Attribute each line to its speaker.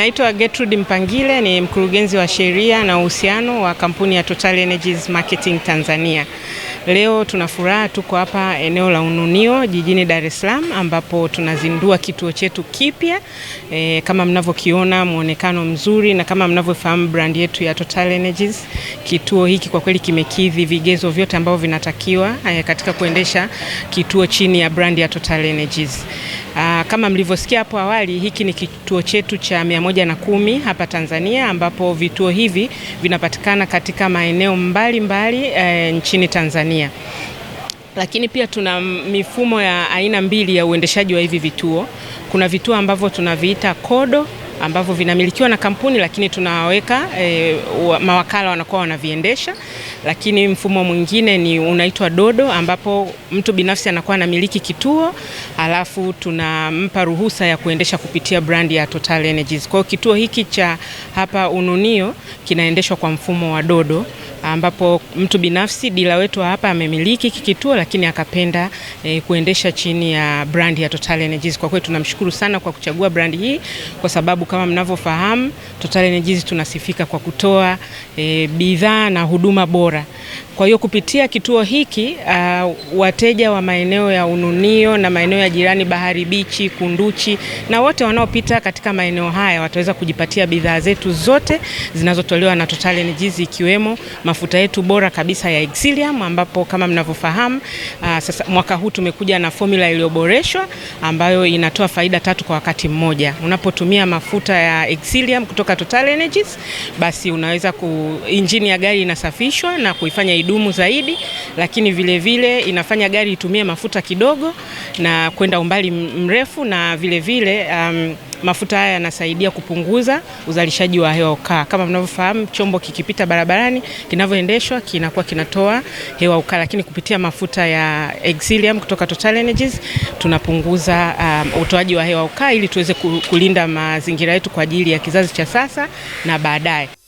Speaker 1: Naitwa Gertrude Mpangile, ni mkurugenzi wa sheria na uhusiano wa kampuni ya Total Energies Marketing Tanzania. Leo tuna furaha, tuko hapa eneo la Ununio jijini Dar es Salaam ambapo tunazindua kituo chetu kipya. E, kama mnavyokiona mwonekano mzuri na kama mnavyofahamu brand yetu ya Total Energies, kituo hiki kwa kweli kimekidhi vigezo vyote ambavyo vinatakiwa e, katika kuendesha kituo chini ya brand ya Total Energies. Aa, ah, kama mlivyosikia hapo awali, hiki ni kituo chetu cha mia moja na kumi hapa Tanzania ambapo vituo hivi vinapatikana katika maeneo mbalimbali mbali, eh, e, nchini Tanzania lakini pia tuna mifumo ya aina mbili ya uendeshaji wa hivi vituo. Kuna vituo ambavyo tunaviita kodo ambavyo vinamilikiwa na kampuni, lakini tunawaweka e, eh, mawakala wanakuwa wanaviendesha. Lakini mfumo mwingine ni unaitwa dodo, ambapo mtu binafsi anakuwa anamiliki kituo alafu tunampa ruhusa ya kuendesha kupitia brandi ya Total Energies. Kwa hiyo kituo hiki cha hapa Ununio kinaendeshwa kwa mfumo wa dodo ambapo mtu binafsi dila wetu hapa amemiliki iki kituo, lakini akapenda e, kuendesha chini ya brandi ya Total Energies. Kwa kweli tunamshukuru sana kwa kuchagua brandi hii, kwa sababu kama mnavyofahamu Total Energies tunasifika kwa kutoa e, bidhaa na huduma bora. Kwa hiyo kupitia kituo hiki uh, wateja wa maeneo ya Ununio na maeneo ya jirani Bahari Bichi, Kunduchi na wote wanaopita katika maeneo haya wataweza kujipatia bidhaa zetu zote zinazotolewa na Total Energies ikiwemo mafuta yetu bora kabisa ya Exilium ambapo kama mnavyofahamu uh, sasa mwaka huu tumekuja na formula iliyoboreshwa ambayo inatoa faida tatu kwa wakati mmoja. Unapotumia mafuta ya Exilium kutoka Total Energies basi unaweza ku injini ya gari inasafishwa na kuifanya kudumu zaidi, lakini vile vile inafanya gari itumie mafuta kidogo na kwenda umbali mrefu, na vilevile vile, um, mafuta haya yanasaidia kupunguza uzalishaji wa hewa ukaa. Kama mnavyofahamu, chombo kikipita barabarani kinavyoendeshwa kinakuwa kinatoa hewa ukaa, lakini kupitia mafuta ya Exilium kutoka Total Energies tunapunguza um, utoaji wa hewa ukaa ili tuweze kulinda mazingira yetu kwa ajili ya kizazi cha sasa na baadaye.